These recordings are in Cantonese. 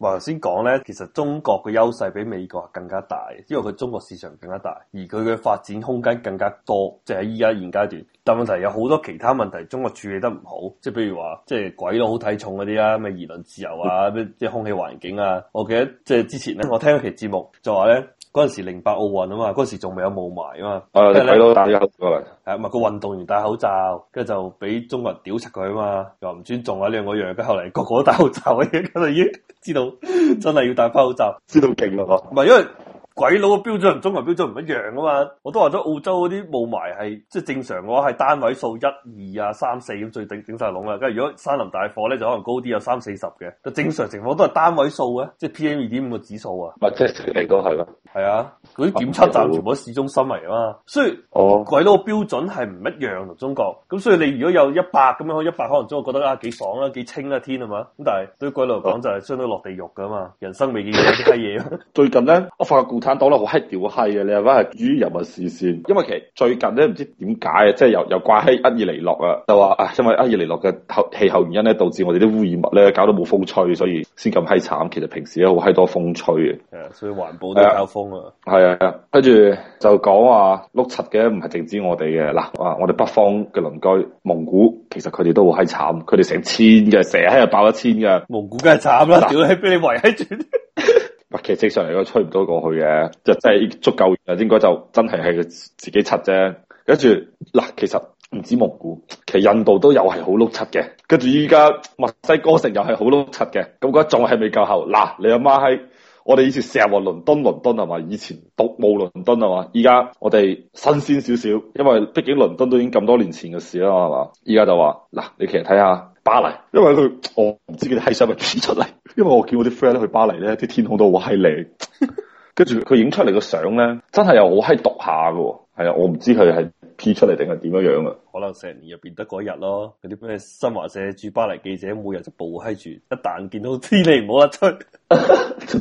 我頭先講咧，其實中國嘅優勢比美國係更加大，因為佢中國市場更加大，而佢嘅發展空間更加多，就喺依家現階段。但問題有好多其他問題，中國處理得唔好，即係譬如話，即係鬼佬好睇重嗰啲啊，咩言論自由啊，咩即係空氣環境啊。我記得即係之前咧，我聽一期節目就話咧。嗰陣時零八奧運啊嘛，嗰陣時仲未有霧霾啊嘛，睇到、啊、戴口罩跟住咧，係咪個運動員戴口罩，跟住就俾中國人屌柒佢啊嘛，又話唔尊重啊呢樣嗰樣，跟住後嚟個個都戴口罩嘅，咁你已經知道真係要戴翻口罩，知道勁咯，唔係因為。鬼佬嘅標準同中國標準唔一樣啊嘛！我都話咗澳洲嗰啲霧霾係即係正常嘅話係單位數一二啊三四咁最頂最頂曬籠啦，梗係如果山林大火咧就可能高啲有三四十嘅，但正常情況都係單位數嘅，即係 PM 二點五嘅指數啊！即係嚟講係咯，係、就係、啊！嗰啲檢測站全部喺市中心嚟啊嘛，所以、oh. 鬼佬嘅標準係唔一樣同中國咁，所以你如果有一百咁樣，一百可能中，覺得啊幾爽啦、啊，幾清啦、啊啊、天啊嘛！咁但係對鬼佬嚟講就係相當落地獄噶嘛，人生未見過啲閪嘢，最近咧，我發個固體。講到咧好閪屌閪嘅，你係咪主入目視線？因為其實最近咧唔知點解啊，即係又又怪閪厄爾尼諾啊，就話啊，因為厄爾尼諾嘅氣候原因咧，導致我哋啲污染物咧搞到冇風吹，所以先咁閪慘。其實平時咧好閪多風吹嘅，所以環保都交鋒啊。係啊，跟住就講話碌柒嘅，唔係淨止我哋嘅嗱啊，我哋北方嘅鄰居蒙古，其實佢哋都好閪慘，佢哋成千嘅成日喺度爆一千嘅蒙古，梗係慘啦，屌閪俾你圍喺住。哇！其實上嚟都吹唔到過去嘅，就真係足夠，就應該就真係係佢自己柒啫。跟住嗱，其實唔止蒙古，其實印度都有係好碌柒嘅。跟住依家墨西哥城又係好碌柒嘅，咁覺得仲係未夠後。嗱，你阿媽係。我哋以前成日話倫敦，倫敦係嘛？以前毒霧倫敦係嘛？而家我哋新鮮少少，因為畢竟倫敦都已經咁多年前嘅事啦，係嘛？而家就話嗱，你其實睇下巴黎，因為佢我唔知佢哋係咪 P 出嚟，因為我叫我啲 friend 去巴黎咧，啲天空都好閪靚，跟住佢影出嚟嘅相咧，真係又好閪獨下㗎，係啊，我唔知佢係 P 出嚟定係點樣樣啊？可能成年入邊得嗰一日咯，嗰啲咩新華社駐巴黎記者每日就暴閪住，一旦見到天你唔好得出。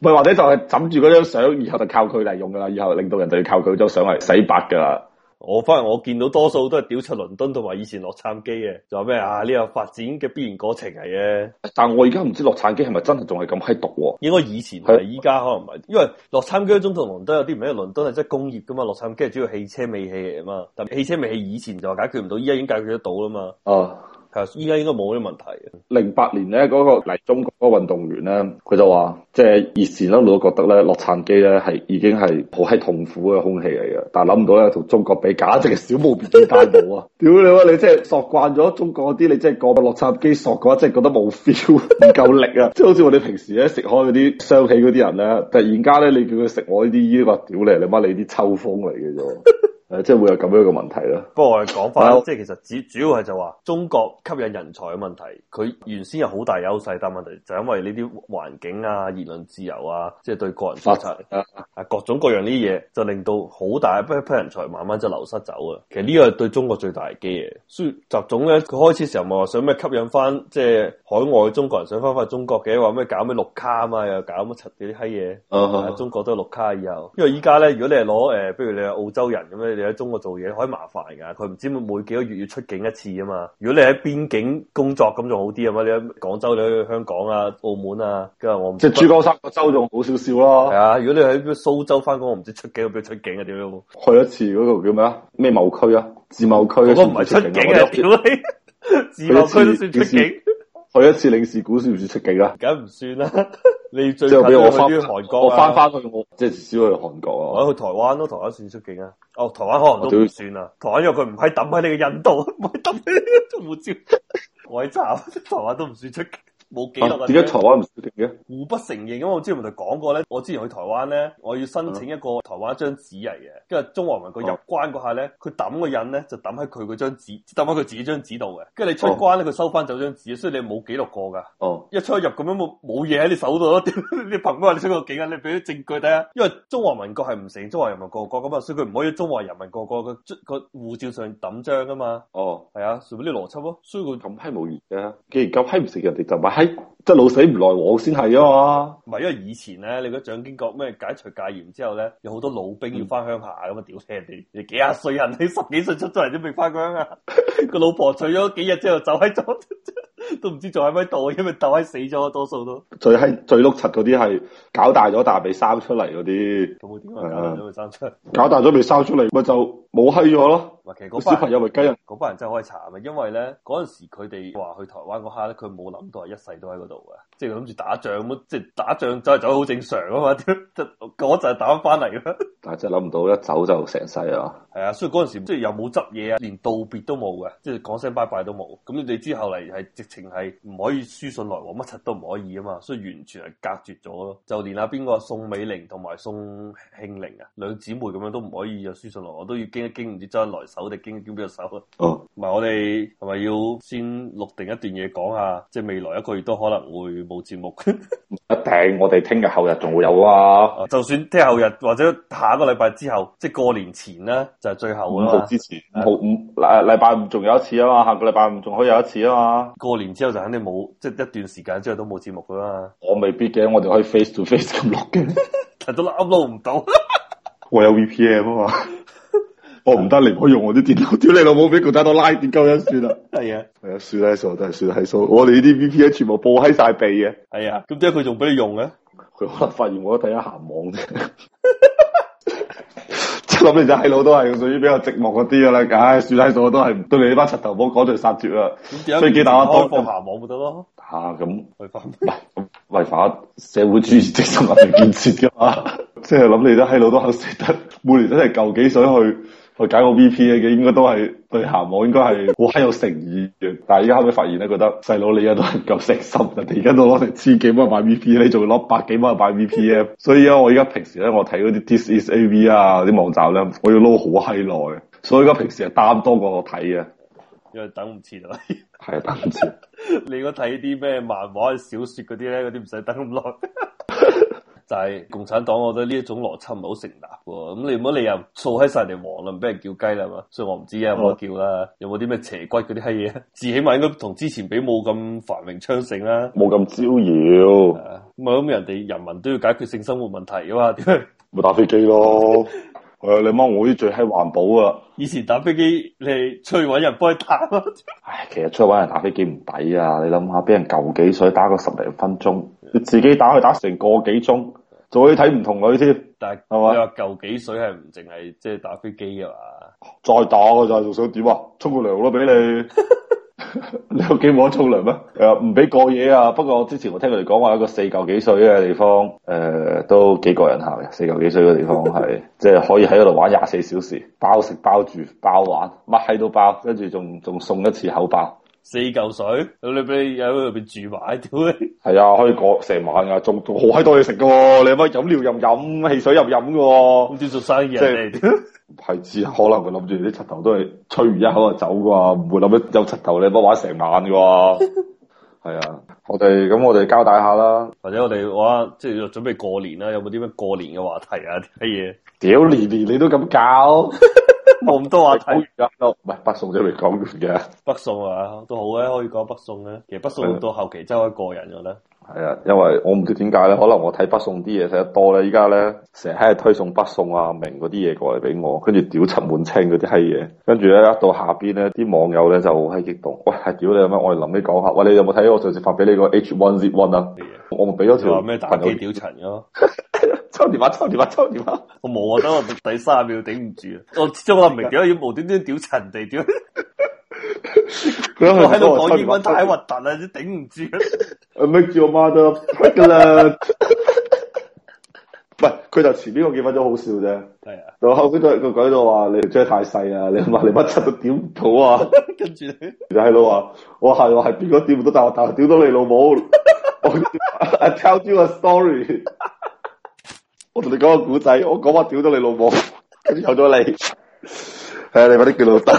唔係，或者就係枕住嗰張相，以後就靠佢嚟用噶啦，以後令到人哋要靠佢張相嚟洗白噶啦。我反而我見到多數都係屌出倫敦同埋以前洛杉磯嘅，就話咩啊呢、這個發展嘅必然過程係嘅。但係我而家唔知洛杉磯係咪真係仲係咁閪毒？應該以前係，依家是可能唔係，因為洛杉磯中同倫敦有啲唔同，倫敦係真係工業噶嘛，洛杉磯係主要汽車尾氣嚟嘛。但汽車尾氣以前就話解決唔到，依家已經解決得到啦嘛。哦、啊。依家應該冇咩問題呢。零八年咧，嗰個嚟中國嗰個運動員咧，佢就話，即係熱線一路覺得咧，洛杉磯咧係已經係好係痛苦嘅空氣嚟嘅。但係諗唔到咧，同中國比，簡直係小巫見大巫啊！屌你啊！你即係索慣咗中國嗰啲，你即係過洛杉磯索嘅話，即係覺得冇 feel，唔夠力啊！即係 好似我哋平時咧食開嗰啲雙喜嗰啲人咧，突然間咧你叫佢食我呢啲、這個，哇！屌你你乜你啲秋風嚟嘅啫？ 誒，即係會有咁樣一個問題啦。不過我哋講返即係其實主主要係就話中國吸引人才嘅問題，佢原先有好大優勢，但問題就因為呢啲環境啊、言論自由啊，即係對個人發展啊，啊各種各樣呢啲嘢，就令到好大一批人才慢慢就流失走啊。其實呢個係對中國最大嘅機嘅。所以習總咧，佢開始時候咪話想咩吸引翻即係海外中國人，想翻翻中國嘅，話咩搞咩綠卡啊，又搞乜柒啲閪嘢。啊，啊，啊，中國都係綠卡以後，因為依家咧，如果你係攞誒，不如你係澳洲人咁樣。你喺中國做嘢，可以麻煩噶。佢唔知每幾個月要出境一次啊嘛。如果你喺邊境工作，咁仲好啲啊嘛。你喺廣州、你喺香港啊、澳門啊，跟住我唔知即係珠江三角個州仲好少少啦。係啊，如果你喺蘇州翻工，我唔知出境有叫出境啊，點樣去一次嗰個叫咩啊？咩？某區啊？自貿區、啊？我唔係出境啊，什 自貿貿區區 都算出境？去一， 去一次領事館算唔算出境啊？梗唔算啦。 你最近去於韓國、啊我，我翻翻去我即係少去韓國啊！我去台灣咯、啊，台灣算出境啊？哦，台灣可能都算啊！要台灣因為佢唔係抌喺你嘅印度，唔係抌喺你嘅護照，鬼慘！台灣都唔算出境。冇記錄嘅、啊，點解台灣唔承認嘅？互不承認。因為我之前就講過咧，我之前去台灣咧，我要申請一個台灣一張紙嚟嘅。跟住中華民國入關嗰下咧，佢抌個印咧，就抌喺佢嗰張紙，抌喺佢自己張紙度嘅。跟住你出關咧，佢、啊、收翻走張紙，所以你冇記錄過噶。哦，啊、一出入咁樣冇冇嘢喺你手度咯。 你憑乜話你出過境？你俾啲證據睇下。因為中華民國係唔承認中華人民共和國咁啊，所以佢唔可以中華人民共和國嘅個護照上抌章啊嘛。哦，係啊，順便啲邏輯咯、啊。所以佢咁批冇義嘅，既然咁批唔成人哋，就咪即老死唔來往先係啊嘛，唔係因為以前咧，你嗰蔣經國咩解除戒嚴之後咧，有好多老兵要翻鄉下咁啊，屌死人哋，你幾廿歲人，你十幾歲出咗嚟都未翻鄉啊，個 老婆娶咗幾日之後走喺咗，都唔知仲喺咪度，因為豆喺死咗多數都， 最閪最碌柒嗰啲係搞大咗但係未生出嚟嗰啲，係啊、嗯，搞大咗未、嗯、生出嚟咪就冇閪咗咯。其實嗰班朋友咪雞人，班人真係好慘啊！因為咧嗰陣時佢哋話去台灣嗰下咧，佢冇諗到係一世都喺嗰度嘅，即係諗住打仗咁，即係打仗走嚟走好正常啊嘛，即係嗰陣係打翻嚟嘅。但係真係諗唔到一走就成世啊！係啊，所以嗰陣時即係又冇執嘢啊，連道別都冇嘅，即係講聲拜拜都冇。咁你哋之後嚟係直情係唔可以書信來往，乜柒都唔可以啊嘛，所以完全係隔絕咗咯。就連阿邊個宋美齡同埋宋慶齡啊，兩姊妹咁樣都唔可以有書信來往，都要驚一驚，唔知周恩來。經經手定驚叫邊個手啊？哦、嗯，唔係我哋係咪要先錄定一段嘢講下？即係未來一個月都可能會冇節目。 一定，我哋聽日、後日仲會有啊。就算聽日後日或者下個禮拜之後，即係過年前咧，就係、是、最後啦。五號之前，五號五禮禮拜五仲有一次啊嘛，下個禮拜五仲可以有一次啊嘛。過年之後就肯定冇，即係一段時間之後都冇節目噶啦。我未必嘅，我哋可以 face to face 咁錄嘅， 但都 upload 唔到。 我有 VPN 啊嘛。 我唔得，你唔可以用我啲電腦，屌你老母，俾佢仔到拉電鳩一算啦。係啊的，係啊、哎，算低數都係算低數，我哋呢啲 V P 全部布喺晒鼻嘅。係啊，咁即係佢仲俾你用嘅？佢可能發現我睇下鹹網啫。即係諗你啲閪佬都係屬於比較寂寞嗰啲啦，唉、哎，算低數都係唔對你呢班柒頭婆講就殺絕啦。所以幾大放鹹網咪得咯。吓咁、啊，唔係違法社會主義精神文明建設噶嘛？即係諗你啲閪佬都肯捨得，每年都係舊幾水去。我解個 V P 咧，佢應該都係對鹹網應該係好有誠意嘅，但係而家後尾發現咧，覺得細佬你而家都係夠識心，人哋而家都攞成千幾蚊買 V P，你仲要攞百幾蚊去買 V P M，所以呢啊，我而家平時咧，我睇嗰啲 This is A V 啊啲網站咧，我要撈好閪耐，所以而家平時係擔多過睇嘅，因為等唔切 啊，係啊，等唔切。 你如果睇啲咩漫畫、小說嗰啲咧，嗰啲唔使等咁耐。 就係共產黨，我覺得呢一種邏輯唔係好成立喎。咁你唔好理由掃喺晒人哋黃啦，俾人叫雞啦嘛。所以我唔知有冇啊，唔好叫啦。有冇啲咩邪骨嗰啲閪嘢？至起碼應該同之前比冇咁繁榮昌盛啦、啊，冇咁招搖。咁、啊、人哋人民都要解決性生活問題啊嘛。點解？咪打飛機咯。係啊，你望我啲最閪環保啊。以前打飛機，你出去揾人幫你打咯。 唉，其實出去揾人打飛機唔抵啊。你諗下，俾人舊幾水打個十零分鐘。自己打佢打成個幾鐘，仲可以睇唔同女添。但係係嘛，你話舊幾水係唔淨係即係打飛機嘅嘛？再打我就係，仲想點啊？沖個涼咯，俾你。 你屋企冇得沖涼咩？誒，唔俾過夜啊。不過之前我聽佢哋講話，一個四舊幾水嘅地方，誒、呃、都幾過癮下嘅。四舊幾水嘅地方係， 即係可以喺度玩廿四小時，包食包住包玩，乜閪都包，跟住仲仲送一次口爆。四嚿水，你俾你喺入邊住埋，屌！係啊，可以過成晚啊，仲仲好閪多嘢食噶，你乜飲料又飲，汽水又飲噶，唔知做生意啊，即係、係，知， 可能佢諗住啲柒頭都係吹完一口就走噶，唔會諗一有柒頭你幫玩成晚噶，係 啊，我哋咁我哋交代下啦，或者我哋哇，即係準備過年啦，有冇啲咩過年嘅話題啊啲乜嘢？屌年年你都咁搞！ 咁多話睇完啦，都唔係北宋就嚟講完嘅。北宋啊，都好咧、啊，可以講北宋咧、啊。其實北宋到後期真係過人咗、啊、咧。係啊，因為我唔知點解咧，可能我睇北宋啲嘢睇得多咧，依家咧成日喺度推送北宋啊明嗰啲嘢過嚟俾我，跟住屌陳滿清嗰啲閪嘢，跟住咧一到下邊咧啲網友咧就好閪激動，喂屌你咁樣，我哋臨尾講下，喂你有冇睇我上次發俾你個 H1Z1 啊？的我咪俾咗條咩打機屌陳咯、啊。 抽電話，抽電話，抽電話！我冇啊，等我第三秒頂唔住啊！我始終我唔明點解要無端端屌陳地？佢喺度講英文太核突啦，都頂唔住。make your mother 咯，make 啦。唔佢 就前面嗰幾分鐘好笑啫。係啊，到後邊就佢喺度話你着得太細啊，你話你乜柒都屌唔到啊！ 跟住就喺度咯，我係話係邊個屌唔到大頭，屌到你老母。我 I tell you a story。我同你講個古仔，我講話屌咗你老母，跟住有咗你。係啊，你快啲叫老豆。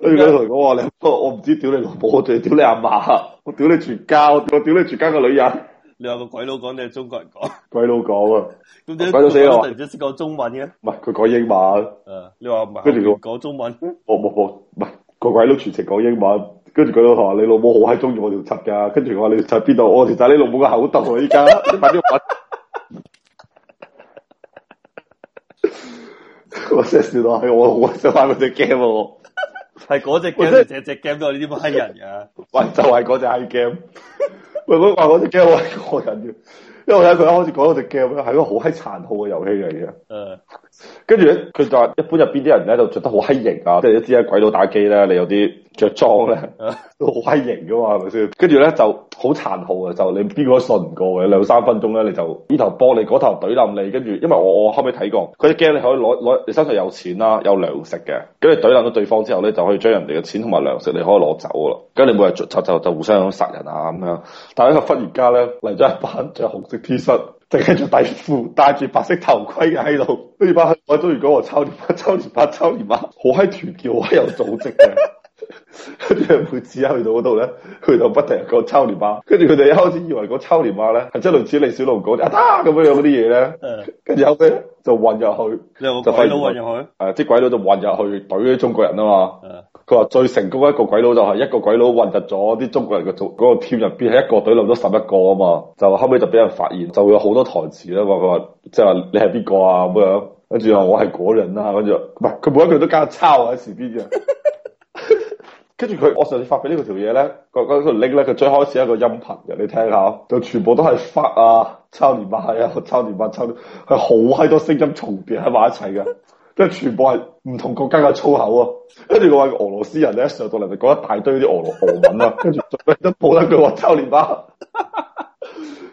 跟住佢同我話：我我唔知屌你老母，我淨係屌你阿嫲。我屌你全家，我屌你全家個女人。你話個鬼佬講定係中國人講？鬼佬講啊，鬼佬死啦！佢唔識講中文嘅，唔係佢講英文。嗯，你話唔係？跟住佢講中文。哦冇哦，唔係個鬼佬全程講英文。跟住鬼佬話：你老母好閪中意我條柒噶。跟住我話你柒邊度？我條柒你老母個口度依家。你快啲搵。 我真係笑到，我我好想玩嗰隻 game 喎，係嗰隻 game 隻只 game 都有呢班黑人噶、啊， 喂就係嗰隻黑 game，喂 嗰、那個嗰隻 game 好黑人嘅，因為咧佢一開始講嗰隻 game 係一個好閪殘酷嘅遊戲嚟嘅。跟住咧，佢就話一般入邊啲人咧，就着得好乞型啊！即係一啲喺鬼佬打機咧，你有啲着裝咧，都好乞型噶嘛，係咪先？跟住咧就好殘酷啊！就你邊個都信唔過嘅兩三分鐘咧，你就呢頭幫你嗰頭懟冧你，跟住因為我我後尾睇過，佢啲 g 你可以攞攞，你身上有錢啦，有糧食嘅，跟住懟冧咗對方之後咧，就可以將人哋嘅錢同埋糧食你可以攞走啊！跟住你每日就就就互相殺人啊咁樣。但係一個忽然家咧嚟咗一班着紅色 T 恤。就着底褲，戴住白色頭盔嘅喺度，跟住把喺中意嗰個抽，抽住把抽簾包，好閪團結，好有組織嘅。跟住每次去到嗰度咧，去到不停講抽簾包，跟住佢哋一開始以為嗰抽簾包呢，係真類似李小龍講啊咁樣嗰啲嘢咧。嗯的，跟住後屘就混入去，有鬼佬混入去，誒的，啲鬼佬就混入去懟啲中國人啊嘛。的佢話最成功一個鬼佬就係一個鬼佬混入咗啲中國人嘅組嗰個 team 入邊，一個隊入咗十一個啊嘛，就後尾就俾人發現，就會有好多台詞啦。話，佢話即係話你係邊個啊咁樣，跟住話我係果人啊。跟住唔係佢每一句都加抄喺 side 邊嘅， 跟住佢我上次發俾呢個條嘢咧，佢、那、嗰個 link 咧，佢最開始係一個音頻嘅，你聽下，就全部都係 fuck 啊，抄連麥啊，抄連麥、啊，抄連、啊，係好閪多聲音重疊喺埋一齊嘅。即係全部係唔同國家嘅粗口啊！跟住我話俄羅斯人咧上到嚟咪講一大堆啲俄羅俄文啊，跟住都冇得佢話周連霸，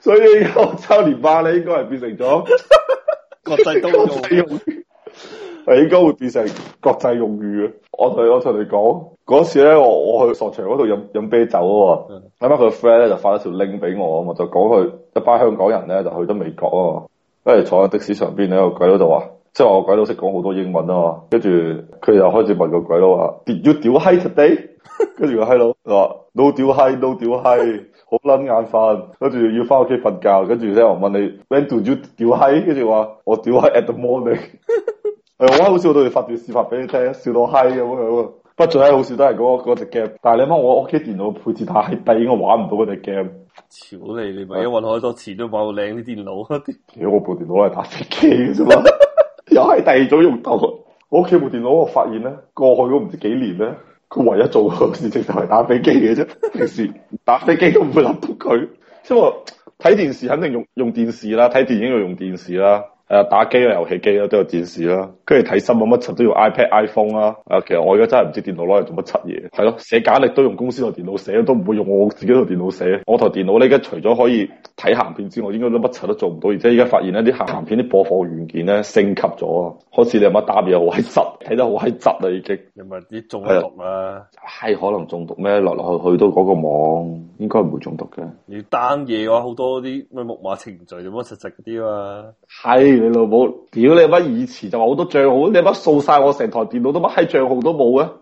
所以周連霸咧應該係變成咗國際通用語，係應該會變成國際用語啊！我同我同你講嗰次咧，我我去傻場嗰度飲飲啤酒啊，啱啱佢個 friend 咧就發咗條 link 俾我，我就講佢一班香港人咧就去咗美國，啊，跟住坐喺的士上邊咧個鬼佬就話。即係我鬼佬識講好多英文啊嘛，跟住佢又開始問個鬼佬話，Did you 屌嗨 today，跟住個閪佬就話，no 屌嗨 no 屌嗨，好撚眼瞓，跟住要翻屋企瞓覺，跟住咧我問你，when do you 屌嗨？跟住話，我屌嗨 at the morning，係好好笑，我哋發段視頻俾你聽，笑到嗨咁樣。不過最閪好笑都係嗰嗰隻 game，但係你問我屋企電腦配置太低，我玩唔到嗰隻 game。屌你！你咪揾開好多錢都買個靚啲電腦。屌！我部電腦係打飛機嘅啫嘛。又係第二種用途。我屋企部電腦我發現咧，過去嗰唔知幾年咧，佢唯一做嘅事情就係打飛機嘅啫。平時打飛機都唔會諗到佢，即係話睇電視肯定用用電視啦，睇電影就用電視啦。誒打機啊，遊戲機啦，都有電視啦，跟住睇新聞乜柒都要 iPad、iPhone 啦。啊，其實我而家真係唔知電腦攞嚟做乜柒嘢。係咯，寫簡歷都用公司台電腦寫，都唔會用我自己台電腦寫。我台電腦咧，而家除咗可以睇鹹片之外，應該都乜柒都做唔到。而且而家發現咧，啲鹹片啲播放軟件咧升級咗啊，好似你有乜打嘢好閪濕，睇得好閪執啊已經。你咪啲中毒啊？係可能中毒咩？落落去去，去到嗰個網，應該唔會中毒嘅。你 down 嘢嘅話，好多啲咩木馬程序乜乜柒柒啲啊係。你老母，屌你乜以前就話好多賬號，你乜掃晒我成台電腦都乜閪賬號都冇啊！